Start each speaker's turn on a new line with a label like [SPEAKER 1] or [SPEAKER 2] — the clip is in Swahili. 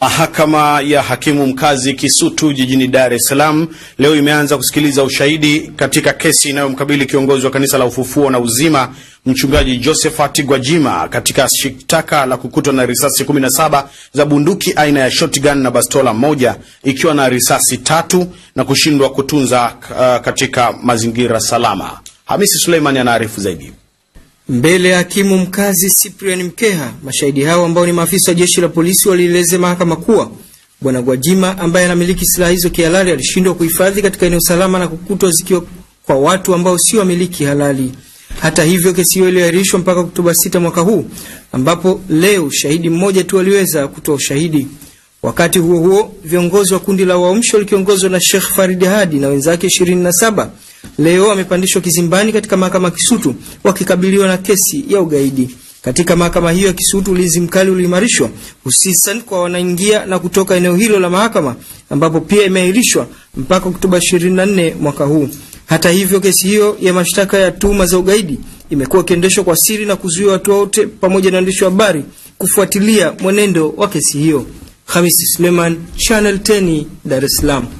[SPEAKER 1] Mahakama ya hakimu mkazi Kisutu jijini Dar es Salaam leo imeanza kusikiliza ushahidi katika kesi inayomkabili kiongozi wa kanisa la Ufufuo na Uzima mchungaji Josephat Gwajima katika shitaka la kukutwa na risasi 17 za bunduki aina ya shotgun na bastola moja ikiwa na risasi tatu na kushindwa kutunza uh, katika mazingira salama. Hamisi Suleimani anaarifu zaidi.
[SPEAKER 2] Mbele ya hakimu mkazi Cyprian Mkeha, mashahidi hao ambao ni maafisa wa jeshi la polisi walieleza mahakama kuwa bwana Gwajima ambaye anamiliki silaha hizo kihalali alishindwa kuhifadhi katika eneo salama na kukutwa zikiwa kwa watu ambao sio wamiliki halali. Hata hivyo, kesi hiyo iliahirishwa mpaka Oktoba 6 mwaka huu, ambapo leo shahidi mmoja tu aliweza kutoa ushahidi. Wakati huo huo, viongozi wa kundi la Uamsho likiongozwa na Sheikh Farid Hadi na wenzake 27 leo amepandishwa kizimbani katika mahakama ya Kisutu wakikabiliwa na kesi ya ugaidi. Katika mahakama hiyo ya Kisutu ulinzi mkali uliimarishwa hususan kwa wanaingia na kutoka eneo hilo la mahakama ambapo pia imeahirishwa mpaka Oktoba 24 mwaka huu. Hata hivyo, kesi hiyo ya mashtaka ya tuhuma za ugaidi imekuwa ikiendeshwa kwa siri na kuzuia watu wote pamoja na waandishi wa habari kufuatilia mwenendo wa kesi hiyo. Hamisi Suleiman, Channel 10, Dar es Salaam.